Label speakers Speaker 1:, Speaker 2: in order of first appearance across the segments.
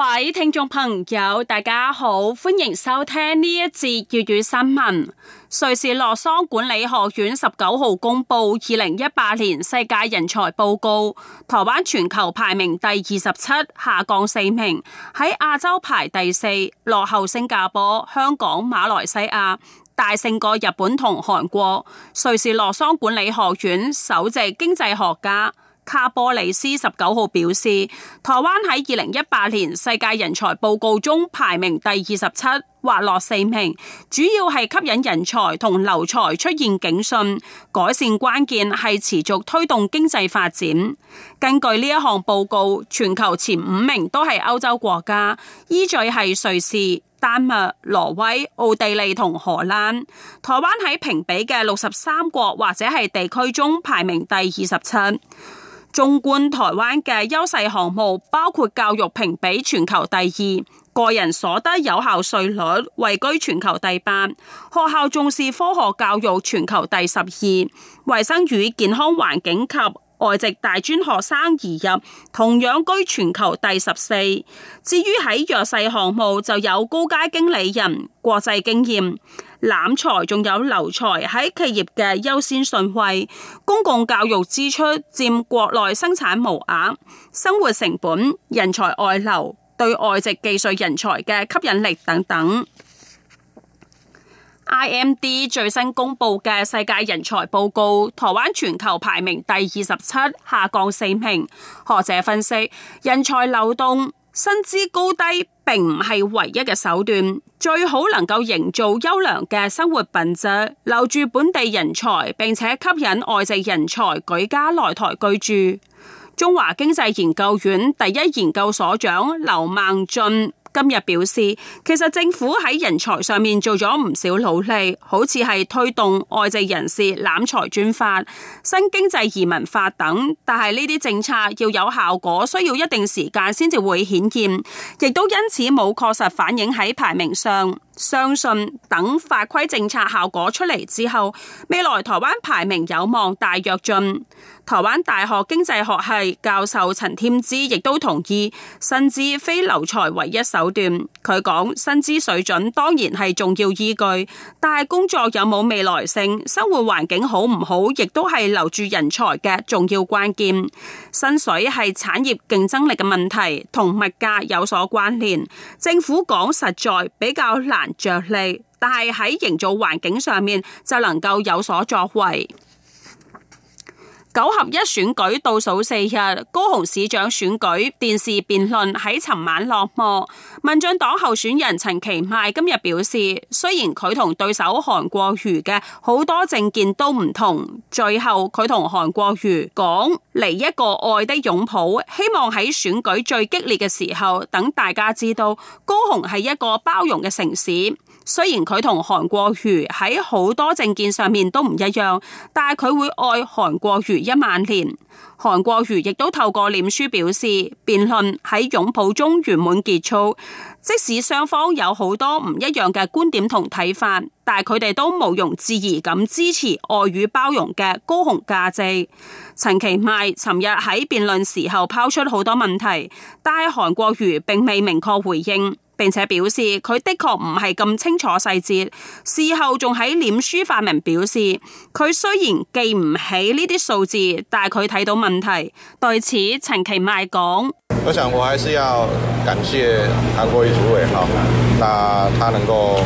Speaker 1: 各位聽眾朋友，大家好，歡迎收聽呢一節粵語新聞。瑞士洛桑管理學院十九號公布二零一八年世界人才報告，台灣全球排名第二十七，下降四名，喺亞洲排第四，落後新加坡、香港、馬來西亞，大勝過日本同韓國。瑞士洛桑管理學院首席經濟學家。卡波里斯十九號表示，台灣喺二零一八年世界人才報告中排名第二十七，滑落四名，主要係吸引人才同留才出現警訊。改善關鍵係持續推動經濟發展。根據呢一項報告，全球前五名都係歐洲國家，依序係瑞士、丹麥、挪威、奧地利同荷蘭。台灣喺評比嘅六十三國或者係地區中排名第二十七。縱觀台灣嘅優勢項目，包括教育評比全球第二，個人所得有效稅率位居全球第八，學校重視科學教育全球第十二，衛生與健康環境及外籍大專學生移入同樣居全球第十四。至於喺弱勢項目，就有高階經理人、國際經驗。攬才仲有留才喺企業嘅優先順位，公共教育支出佔國內生產毛額，生活成本、人才外流、對外籍技術人才嘅吸引力等等。IMD 最新公布嘅世界人才報告，台灣全球排名第二十七，下降四名。學者分析，人才流動。薪資高低並唔係唯一嘅手段，最好能夠營造優良嘅生活品質，留住本地人才，並且吸引外籍人才舉家來台居住。中華經濟研究院第一研究所長劉孟俊。今日表示，其實政府喺人才上面做咗唔少努力，好似係推動外籍人士攬才專法、新經濟移民法等，但係呢啲政策要有效果，需要一定時間先至會顯現，亦都因此冇確實反映喺排名上。相信等法規政策效果出嚟之後，未來台灣排名有望大躍進。台灣大學經濟學系教授陳添枝亦都同意，薪資非留才唯一手段。佢講薪資水準當然係重要依據，但係工作有冇未來性、生活環境好唔好，亦都係留住人才嘅重要關鍵。薪水係產業競爭力嘅問題，同物價有所關聯。政府講實在比較難。着力，但係喺營造環境上面就能夠有所作為。九合一選舉倒數四日，高雄市長選舉電視辯論喺尋晚落幕。民進黨候選人陳其邁今日表示，雖然佢同對手韓國瑜嘅好多政見都唔同，最後佢同韓國瑜講嚟，一個愛的擁抱，希望喺選舉最激烈嘅時候，等大家知道高雄係一個包容嘅城市。雖然佢同韓國瑜喺好多政見上面都唔一樣，但係佢會愛韓國瑜一萬年。韓國瑜亦都透過臉書表示，辯論喺擁抱中圓滿結束，即使雙方有好多唔一樣嘅觀點同睇法，但係佢哋都毋庸置疑咁支持外語包容嘅高雄價值。陳其邁尋日喺辯論時候拋出好多問題，但係韓國瑜並未明確回應。並且表示，佢的確唔係咁清楚細節，事後仲喺臉書發明，表示，佢雖然記唔起呢啲數字，但係佢睇到問題。對此陳其邁講：我想我還是要感謝韓國瑜主委哈，他他能夠。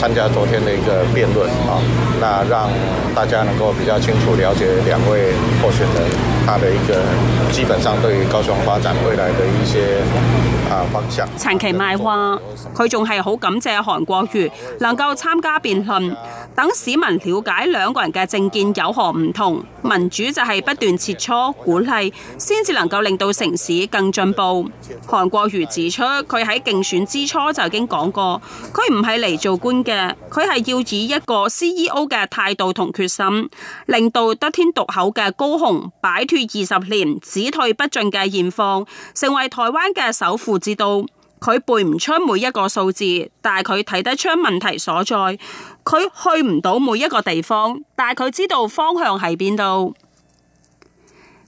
Speaker 1: 參加昨天的一個辯論，啊，那讓大家能夠比較清楚了解兩位候選人他的一個基本上對於高雄發展未來的一些啊方向。陳其邁話：佢仲係好感謝韓國瑜能夠參加辯論，等市民了解兩個人嘅政見有何唔同。民主就係不斷切磋鼓勵，先至能夠令到城市更進步。韓國瑜指出，佢喺競選之初就已經講過，佢唔係嚟做官嘅，佢係要以一個 CEO 嘅態度同決心，令到得天獨厚嘅高雄擺脱二十年只退不進嘅現況，成為台灣嘅首富之都。佢背唔出每一個數字，但係佢睇得出問題所在。佢去唔到每一個地方，但係佢知道方向喺邊度。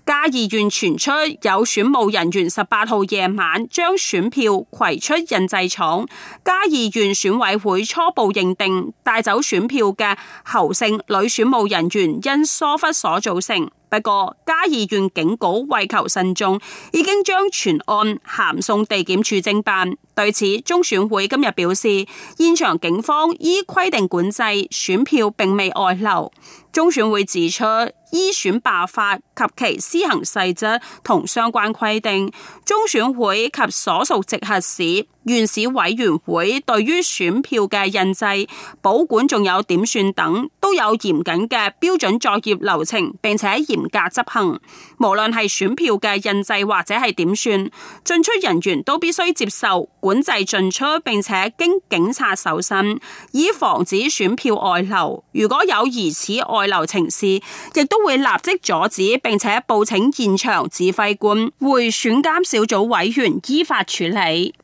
Speaker 1: 嘉縣傳出有選務人員十八號夜晚將選票攜出印製廠。嘉縣選委會初步認定帶走選票嘅侯姓女選務人員因疏忽所造成。不過，嘉義縣警局為求慎重，已經將全案函送地檢處偵辦。對此，中選會今日表示，現場警方依規定管制，選票並未外流。中選會指出，依選罷法及其施行細則同相關規定，中選會及所屬直轄市、縣市委員會對於選票嘅印製、保管仲有點算等，都有嚴謹嘅標準作業流程，並且嚴。嚴格執行，無論係選票嘅印製或者係點算，進出人員都必須接受管制進出，並且經警察搜身，以防止選票外流。如果有疑似外流情事，亦都會立即阻止，並且報請現場指揮官、會選監小組委員依法處理。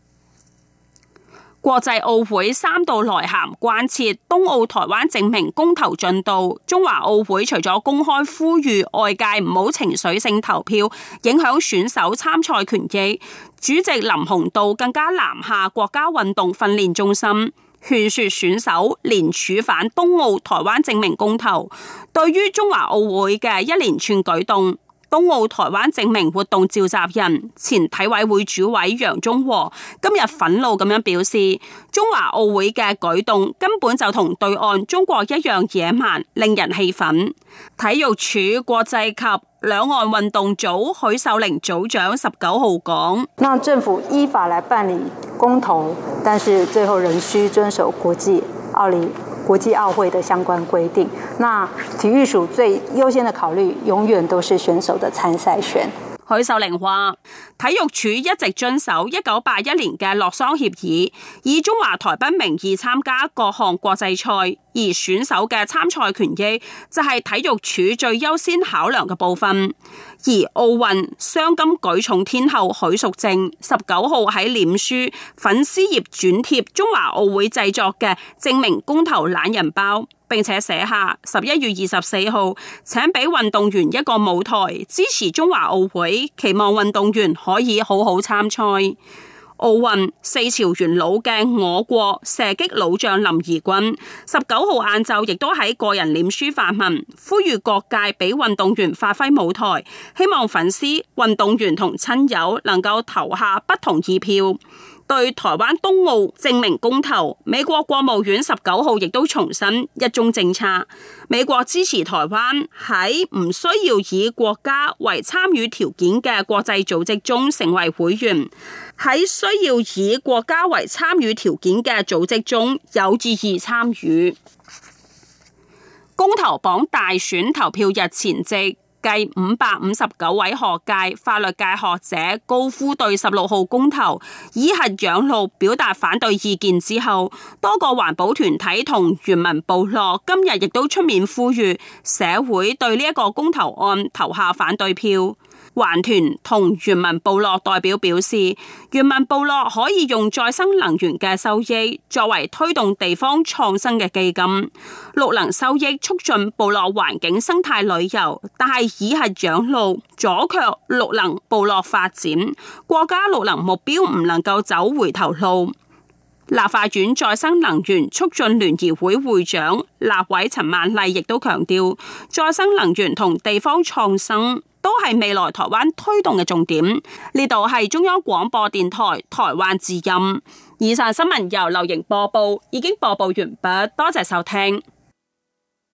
Speaker 1: 國際奧會三度來函，關切東奧台灣正名公投進度，中華奧會除咗公開呼籲外界唔好情緒性投票影響選手參賽權益。主席林鴻道更加南下國家運動訓練中心勸說選手連署反東奧台灣正名公投。對於中華奧會嘅一連串舉動。東奧台灣正名活動召集人、前體委會主委楊忠和今日憤怒咁樣表示：中華奧會嘅舉動根本就同對岸中國一樣野蠻，令人氣憤。體育署國際及兩岸運動組許秀玲組長十九號講：讓政府依法來辦理公投，但是最後仍需遵守國際奧理。國際奧會的相關規定，那體育署最優先的考慮永遠都是選手的參賽權。許秀玲話，體育署一直遵守一九八一年嘅洛桑協議，以中華台北名義參加各項國際賽。而選手嘅參賽權益就係體育署最優先考量嘅部分。而奧運雙金舉重天后許淑淨十九號喺臉書粉絲頁轉貼中華奧會製作嘅正名公投懶人包，並且寫下十一月二十四號請俾運動員一個舞台，支持中華奧會，期望運動員可以好好參賽。奧運四朝元老嘅我國射擊老將林怡君，十九號晏晝亦都喺個人臉書發文，呼籲各界俾運動員發揮舞台，希望粉絲、運動員同親友能夠投下不同意票。對台灣東奧正名公投，美國國務院十九號亦都重申一中政策。美國支持台灣喺唔需要以國家為參與條件嘅國際組織中成為會員，喺需要以國家為參與條件嘅組織中有意義參與。公投榜大選投票日前夕。計五百五十九位學界、法律界學者高呼對十六號公投以核養老表達反對意見之後，多個環保團體同原民部落今日亦都出面呼籲社會對呢一個公投案投下反對票。環團同原民部落代表表示，原民部落可以用再生能源嘅收益作為推動地方創新嘅基金，綠能收益促進部落環境生態旅遊，但係以核養綠阻卻綠能部落發展，國家綠能目標唔能夠走回頭路。立法院再生能源促進聯誼會會長立委陳曼麗亦都強調，再生能源同地方創新都係未來台灣推動嘅重點。呢度係中央廣播電台台灣之音，以上新聞由劉瑩播報，已經播報完畢，多謝收聽。